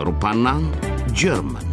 አውሮፓና ጀርመን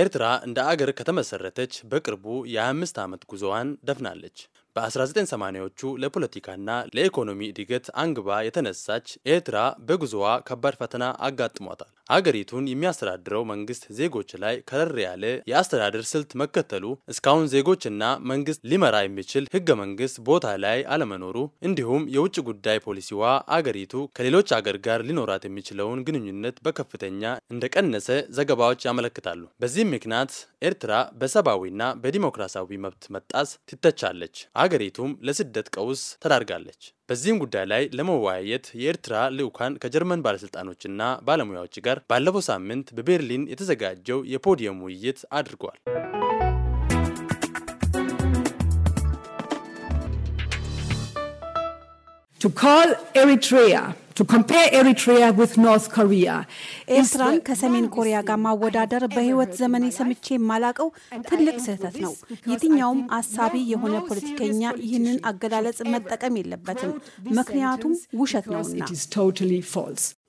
ኤርትራ እንደ አገር ከተመሰረተች በቅርቡ የ25 ዓመት ጉዞዋን ደፍናለች። በ1980ዎቹ ለፖለቲካና ለኢኮኖሚ እድገት አንግባ የተነሳች ኤርትራ በጉዞዋ ከባድ ፈተና አጋጥሟታል። አገሪቱን የሚያስተዳድረው መንግስት ዜጎች ላይ ከረር ያለ የአስተዳደር ስልት መከተሉ እስካሁን ዜጎችና መንግስት ሊመራ የሚችል ህገ መንግስት ቦታ ላይ አለመኖሩ እንዲሁም የውጭ ጉዳይ ፖሊሲዋ አገሪቱ ከሌሎች አገር ጋር ሊኖራት የሚችለውን ግንኙነት በከፍተኛ እንደቀነሰ ዘገባዎች ያመለክታሉ። በዚህም ምክንያት ኤርትራ በሰብአዊና በዲሞክራሲያዊ መብት መጣስ ትተቻለች። አገሪቱም ለስደት ቀውስ ተዳርጋለች። በዚህም ጉዳይ ላይ ለመወያየት የኤርትራ ልዑካን ከጀርመን ባለስልጣኖችና ባለሙያዎች ጋር ባለፈው ሳምንት በቤርሊን የተዘጋጀው የፖዲየም ውይይት አድርጓል። To call Eritrea ኤርትራን ከሰሜን ኮሪያ ጋር ማወዳደር በህይወት ዘመኔ ሰምቼ የማላቀው ትልቅ ስህተት ነው። የትኛውም አሳቢ የሆነ ፖለቲከኛ ይህንን አገላለጽ መጠቀም የለበትም፣ ምክንያቱም ውሸት ነውና።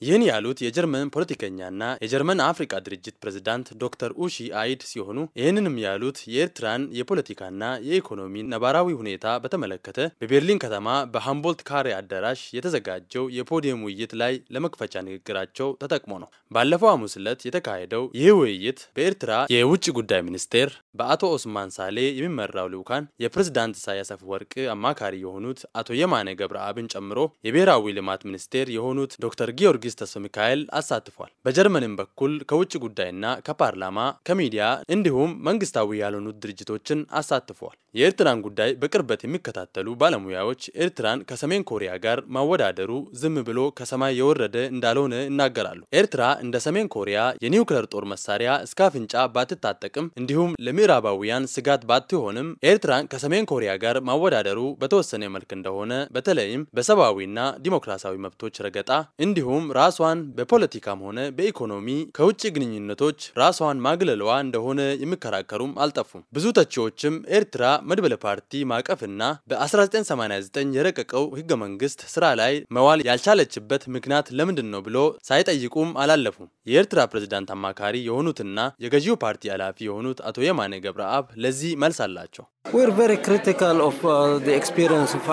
ይህን ያሉት የጀርመን ፖለቲከኛና የጀርመን አፍሪካ ድርጅት ፕሬዝዳንት ዶክተር ኡሺ አይድ ሲሆኑ ይህንንም ያሉት የኤርትራን የፖለቲካና የኢኮኖሚ ነባራዊ ሁኔታ በተመለከተ በቤርሊን ከተማ በሃምቦልት ካሬ አዳራሽ የተዘጋጀው የፖዲየም ውይይት ላይ ለመክፈቻ ንግግራቸው ተጠቅሞ ነው። ባለፈው ሐሙስ ዕለት የተካሄደው ይህ ውይይት በኤርትራ የውጭ ጉዳይ ሚኒስቴር በአቶ ኦስማን ሳሌ የሚመራው ልዑካን የፕሬዝዳንት ኢሳያስ አፈወርቂ አማካሪ የሆኑት አቶ የማነ ገብረአብን ጨምሮ የብሔራዊ ልማት ሚኒስቴር የሆኑት ዶክተር ጊዮርጊስ መንግስት ሚካኤል አሳትፏል። በጀርመንም በኩል ከውጭ ጉዳይና ከፓርላማ ከሚዲያ እንዲሁም መንግስታዊ ያልሆኑት ድርጅቶችን አሳትፏል። የኤርትራን ጉዳይ በቅርበት የሚከታተሉ ባለሙያዎች ኤርትራን ከሰሜን ኮሪያ ጋር ማወዳደሩ ዝም ብሎ ከሰማይ የወረደ እንዳልሆነ ይናገራሉ። ኤርትራ እንደ ሰሜን ኮሪያ የኒውክለር ጦር መሳሪያ እስከ አፍንጫ ባትታጠቅም እንዲሁም ለምዕራባውያን ስጋት ባትሆንም ኤርትራን ከሰሜን ኮሪያ ጋር ማወዳደሩ በተወሰነ መልክ እንደሆነ በተለይም በሰብአዊና ዲሞክራሲያዊ መብቶች ረገጣ እንዲሁም ራሷን በፖለቲካም ሆነ በኢኮኖሚ ከውጭ ግንኙነቶች ራሷን ማግለሏ እንደሆነ የሚከራከሩም አልጠፉም። ብዙ ተቺዎችም ኤርትራ መድበለ ፓርቲ ማቀፍና በ1989 የረቀቀው ህገ መንግስት ስራ ላይ መዋል ያልቻለችበት ምክንያት ለምንድን ነው ብሎ ሳይጠይቁም አላለፉም። የኤርትራ ፕሬዝዳንት አማካሪ የሆኑትና የገዢው ፓርቲ ኃላፊ የሆኑት አቶ የማነ ገብረአብ ለዚህ መልስ አላቸው። We're very critical of uh, the experience of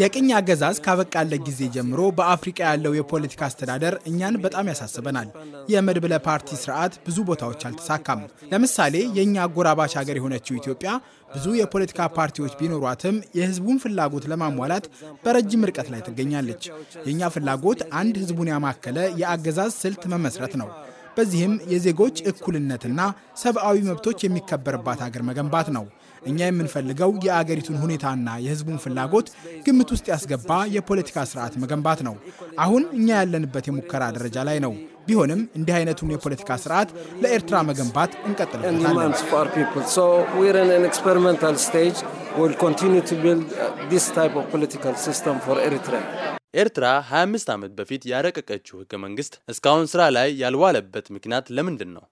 የቅኝ አገዛዝ ካበቃለት ጊዜ ጀምሮ በአፍሪቃ ያለው የፖለቲካ አስተዳደር እኛን በጣም ያሳስበናል። የመድብለ ፓርቲ ስርዓት ብዙ ቦታዎች አልተሳካም። ለምሳሌ የእኛ አጎራባች ሀገር የሆነችው ኢትዮጵያ ብዙ የፖለቲካ ፓርቲዎች ቢኖሯትም የህዝቡን ፍላጎት ለማሟላት በረጅም ርቀት ላይ ትገኛለች። የእኛ ፍላጎት አንድ ህዝቡን ያማከለ የአገዛዝ ስልት መመስረት ነው። በዚህም የዜጎች እኩልነትና ሰብአዊ መብቶች የሚከበርባት ሀገር መገንባት ነው። እኛ የምንፈልገው የአገሪቱን ሁኔታና የህዝቡን ፍላጎት ግምት ውስጥ ያስገባ የፖለቲካ ስርዓት መገንባት ነው። አሁን እኛ ያለንበት የሙከራ ደረጃ ላይ ነው። ቢሆንም እንዲህ አይነቱን የፖለቲካ ስርዓት ለኤርትራ መገንባት እንቀጥልበታለን። uh, ኤርትራ 25 ዓመት በፊት ያረቀቀችው ህገ መንግስት እስካሁን ስራ ላይ ያልዋለበት ምክንያት ለምንድን ነው?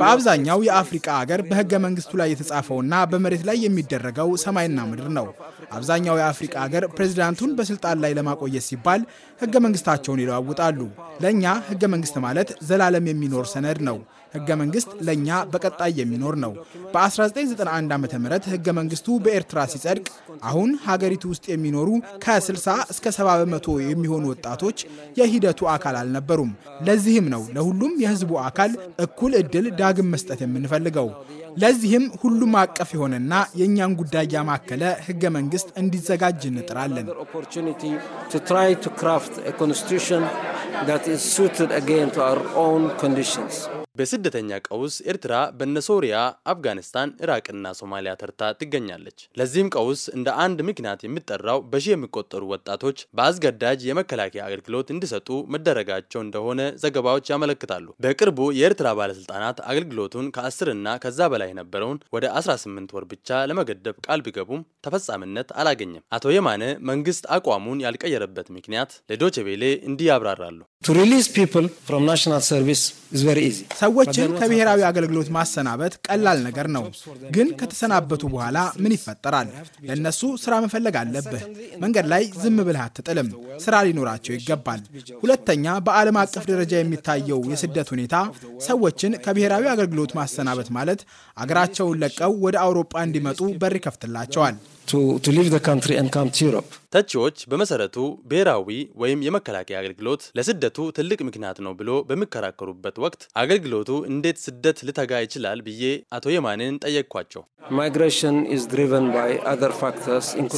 በአብዛኛው የአፍሪቃ አገር በህገ መንግስቱ ላይ የተጻፈውና በመሬት ላይ የሚደረገው ሰማይና ምድር ነው። አብዛኛው የአፍሪቃ ሀገር ፕሬዚዳንቱን በስልጣን ላይ ለማቆየት ሲባል ህገ መንግስታቸውን ይለዋውጣሉ። ለእኛ ህገ መንግስት ማለት ዘላለም የሚኖር ሰነድ ነው። ህገ መንግስት ለእኛ በቀጣይ የሚኖር ነው። በ1991 ዓ ም ህገ መንግስቱ በኤርትራ ሲጸድቅ አሁን ሀገሪቱ ውስጥ የሚኖሩ ከ60 እስከ 70 በመቶ የሚሆኑ ወጣቶች የሂደቱ አካል አልነበሩም። ለዚህም ነው ለሁሉም የህዝቡ አካል እኩል እድል ዳግም መስጠት የምንፈልገው። ለዚህም ሁሉም አቀፍ የሆነና የእኛን ጉዳይ ያማከለ ህገ መንግስት መንግስት እንዲዘጋጅ እንጥራለን። ኦፖርቹኒቲ በስደተኛ ቀውስ ኤርትራ በነ ሶሪያ፣ አፍጋኒስታን፣ ኢራቅና ሶማሊያ ተርታ ትገኛለች። ለዚህም ቀውስ እንደ አንድ ምክንያት የሚጠራው በሺ የሚቆጠሩ ወጣቶች በአስገዳጅ የመከላከያ አገልግሎት እንዲሰጡ መደረጋቸው እንደሆነ ዘገባዎች ያመለክታሉ። በቅርቡ የኤርትራ ባለስልጣናት አገልግሎቱን ከ10 እና ከዛ በላይ የነበረውን ወደ 18 ወር ብቻ ለመገደብ ቃል ቢገቡም ተፈጻሚነት አላገኘም። አቶ የማነ መንግስት አቋሙን ያልቀየረበት ምክንያት ለዶቼ ቬሌ እንዲህ ያብራራሉ። ሰዎችን ከብሔራዊ አገልግሎት ማሰናበት ቀላል ነገር ነው። ግን ከተሰናበቱ በኋላ ምን ይፈጠራል? ለእነሱ ስራ መፈለግ አለብህ። መንገድ ላይ ዝም ብልህ አትጥልም። ስራ ሊኖራቸው ይገባል። ሁለተኛ፣ በዓለም አቀፍ ደረጃ የሚታየው የስደት ሁኔታ ሰዎችን ከብሔራዊ አገልግሎት ማሰናበት ማለት አገራቸውን ለቀው ወደ አውሮፓ እንዲመጡ በር ይከፍትላቸዋል። ተቺዎች በመሰረቱ ብሔራዊ ወይም የመከላከያ አገልግሎት ለስደቱ ትልቅ ምክንያት ነው ብሎ በሚከራከሩበት ወቅት አገልግሎቱ እንዴት ስደት ልተጋ ይችላል ብዬ አቶ የማንን ጠየቅኳቸው።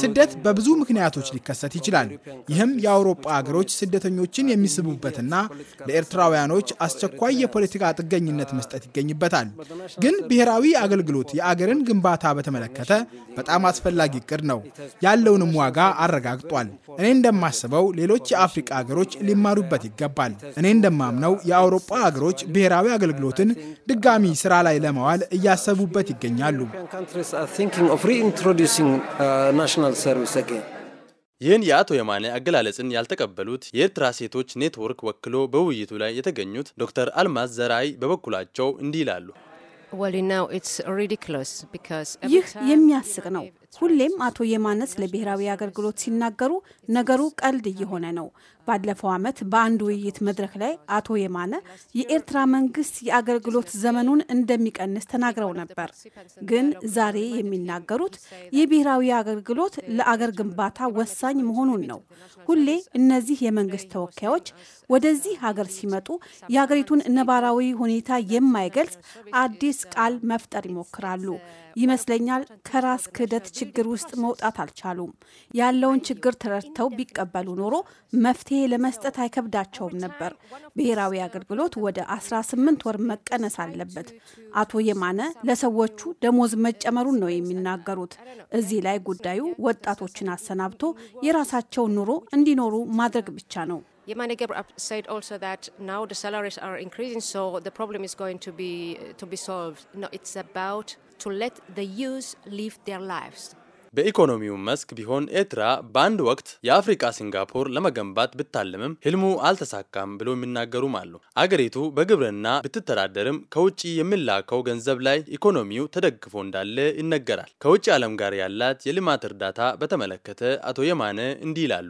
ስደት በብዙ ምክንያቶች ሊከሰት ይችላል። ይህም የአውሮፓ አገሮች ስደተኞችን የሚስቡበትና ለኤርትራውያኖች አስቸኳይ የፖለቲካ ጥገኝነት መስጠት ይገኝበታል። ግን ብሔራዊ አገልግሎት የአገርን ግንባታ በተመለከተ በጣም አስፈላጊ እቅድ ነው። ያለውንም ዋጋ አረጋግጧል። እኔ እንደማስበው ሌሎች የአፍሪቃ ሀገሮች ሊማሩበት ይገባል። እኔ እንደማምነው የአውሮፓ ሀገሮች ብሔራዊ አገልግሎትን ድጋሚ ስራ ላይ ለማዋል እያሰቡበት ይገኛሉ። ይህን የአቶ የማነ አገላለጽን ያልተቀበሉት የኤርትራ ሴቶች ኔትወርክ ወክሎ በውይይቱ ላይ የተገኙት ዶክተር አልማዝ ዘራይ በበኩላቸው እንዲህ ይላሉ። ይህ የሚያስቅ ነው። ሁሌም አቶ የማነስ ለብሔራዊ አገልግሎት ሲናገሩ ነገሩ ቀልድ እየሆነ ነው። ባለፈው ዓመት በአንድ ውይይት መድረክ ላይ አቶ የማነ የኤርትራ መንግስት የአገልግሎት ዘመኑን እንደሚቀንስ ተናግረው ነበር። ግን ዛሬ የሚናገሩት የብሔራዊ አገልግሎት ለአገር ግንባታ ወሳኝ መሆኑን ነው። ሁሌ እነዚህ የመንግስት ተወካዮች ወደዚህ ሀገር ሲመጡ የሀገሪቱን ነባራዊ ሁኔታ የማይገልጽ አዲስ ቃል መፍጠር ይሞክራሉ። ይመስለኛል ከራስ ክህደት ችግር ውስጥ መውጣት አልቻሉም። ያለውን ችግር ተረድተው ቢቀበሉ ኖሮ መፍትሄ መፍትሄ ለመስጠት አይከብዳቸውም ነበር። ብሔራዊ አገልግሎት ወደ 18 ወር መቀነስ አለበት። አቶ የማነ ለሰዎቹ ደሞዝ መጨመሩን ነው የሚናገሩት። እዚህ ላይ ጉዳዩ ወጣቶችን አሰናብቶ የራሳቸውን ኑሮ እንዲኖሩ ማድረግ ብቻ ነው። የማነ ገብረአብ said also that now the salaries በኢኮኖሚውም መስክ ቢሆን ኤርትራ በአንድ ወቅት የአፍሪቃ ሲንጋፖር ለመገንባት ብታልምም ህልሙ አልተሳካም ብሎ የሚናገሩም አሉ። አገሪቱ በግብርና ብትተዳደርም ከውጭ የሚላከው ገንዘብ ላይ ኢኮኖሚው ተደግፎ እንዳለ ይነገራል። ከውጭ ዓለም ጋር ያላት የልማት እርዳታ በተመለከተ አቶ የማነ እንዲህ ይላሉ።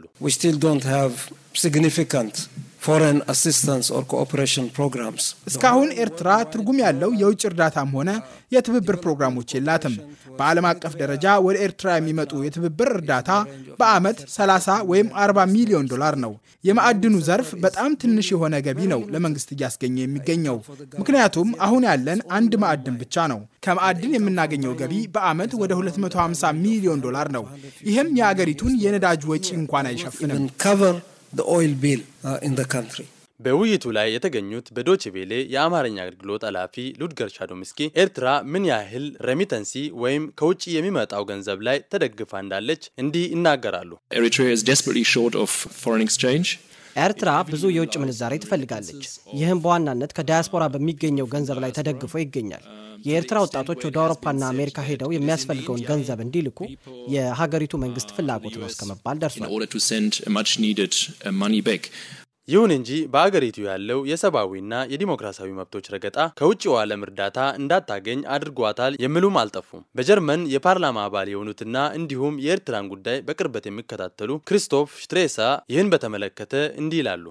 ፎሬን አሲስታንስ ኦር ኮኦፕሬሽን ፕሮግራምስ እስካሁን ኤርትራ ትርጉም ያለው የውጭ እርዳታም ሆነ የትብብር ፕሮግራሞች የላትም። በዓለም አቀፍ ደረጃ ወደ ኤርትራ የሚመጡ የትብብር እርዳታ በዓመት 30 ወይም 40 ሚሊዮን ዶላር ነው። የማዕድኑ ዘርፍ በጣም ትንሽ የሆነ ገቢ ነው ለመንግስት እያስገኘ የሚገኘው። ምክንያቱም አሁን ያለን አንድ ማዕድን ብቻ ነው። ከማዕድን የምናገኘው ገቢ በዓመት ወደ 250 ሚሊዮን ዶላር ነው። ይህም የአገሪቱን የነዳጅ ወጪ እንኳን አይሸፍንም። the oil bill uh, በውይይቱ ላይ የተገኙት በዶች ቬሌ የአማርኛ አገልግሎት ኃላፊ ሉድገር ሻዶምስኪ ኤርትራ ምን ያህል ረሚተንሲ ወይም ከውጭ የሚመጣው ገንዘብ ላይ ተደግፋ እንዳለች እንዲህ ይናገራሉ። ኤርትራ ብዙ የውጭ ምንዛሬ ትፈልጋለች። ይህም በዋናነት ከዳያስፖራ በሚገኘው ገንዘብ ላይ ተደግፎ ይገኛል። የኤርትራ ወጣቶች ወደ አውሮፓና አሜሪካ ሄደው የሚያስፈልገውን ገንዘብ እንዲልኩ የሀገሪቱ መንግስት ፍላጎት ነው እስከመባል ደርሷል። ይሁን እንጂ በአገሪቱ ያለው የሰብአዊና የዲሞክራሲያዊ መብቶች ረገጣ ከውጭው ዓለም እርዳታ እንዳታገኝ አድርጓታል የሚሉም አልጠፉም። በጀርመን የፓርላማ አባል የሆኑትና እንዲሁም የኤርትራን ጉዳይ በቅርበት የሚከታተሉ ክሪስቶፍ ሽትሬሳ ይህን በተመለከተ እንዲህ ይላሉ።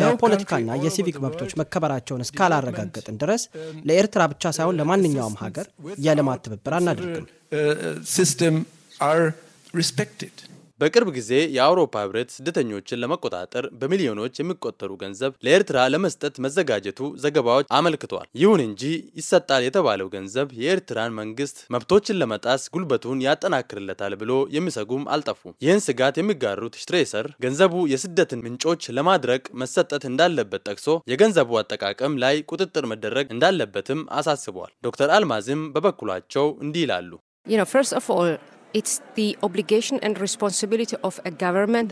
የፖለቲካና የሲቪክ መብቶች መከበራቸውን እስካላረጋገጥን ድረስ ለኤርትራ ብቻ ሳይሆን ለማንኛውም ሀገር የልማት ትብብር አናደርግም። uh, uh, respected. በቅርብ ጊዜ የአውሮፓ ህብረት ስደተኞችን ለመቆጣጠር በሚሊዮኖች የሚቆጠሩ ገንዘብ ለኤርትራ ለመስጠት መዘጋጀቱ ዘገባዎች አመልክተዋል። ይሁን እንጂ ይሰጣል የተባለው ገንዘብ የኤርትራን መንግስት መብቶችን ለመጣስ ጉልበቱን ያጠናክርለታል ብሎ የሚሰጉም አልጠፉም። ይህን ስጋት የሚጋሩት ሽትሬሰር ገንዘቡ የስደትን ምንጮች ለማድረቅ መሰጠት እንዳለበት ጠቅሶ የገንዘቡ አጠቃቀም ላይ ቁጥጥር መደረግ እንዳለበትም አሳስበዋል። ዶክተር አልማዝም በበኩላቸው እንዲህ ይላሉ።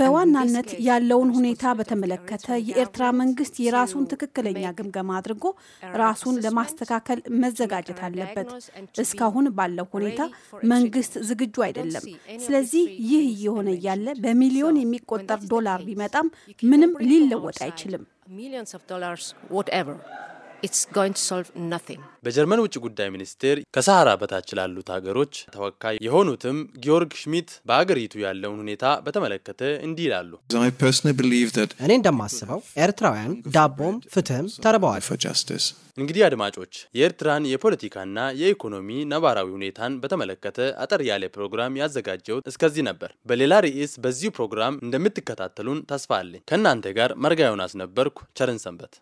በዋናነት ያለውን ሁኔታ በተመለከተ የኤርትራ መንግስት የራሱን ትክክለኛ ግምገማ አድርጎ ራሱን ለማስተካከል መዘጋጀት አለበት። እስካሁን ባለው ሁኔታ መንግስት ዝግጁ አይደለም። ስለዚህ ይህ እየሆነ እያለ በሚሊዮን የሚቆጠር ዶላር ቢመጣም ምንም ሊለወጥ አይችልም። በጀርመን ውጭ ጉዳይ ሚኒስቴር ከሰሃራ በታች ላሉት ሀገሮች ተወካይ የሆኑትም ጊዮርግ ሽሚት በአገሪቱ ያለውን ሁኔታ በተመለከተ እንዲህ ይላሉ። እኔ እንደማስበው ኤርትራውያን ዳቦም ፍትህም ተርበዋል። እንግዲህ አድማጮች የኤርትራን የፖለቲካና የኢኮኖሚ ነባራዊ ሁኔታን በተመለከተ አጠር ያለ ፕሮግራም ያዘጋጀውት እስከዚህ ነበር። በሌላ ርዕስ በዚሁ ፕሮግራም እንደምትከታተሉን ተስፋ አለኝ። ከእናንተ ጋር መርጋ ዮናስ ነበርኩ። ቸርን ሰንበት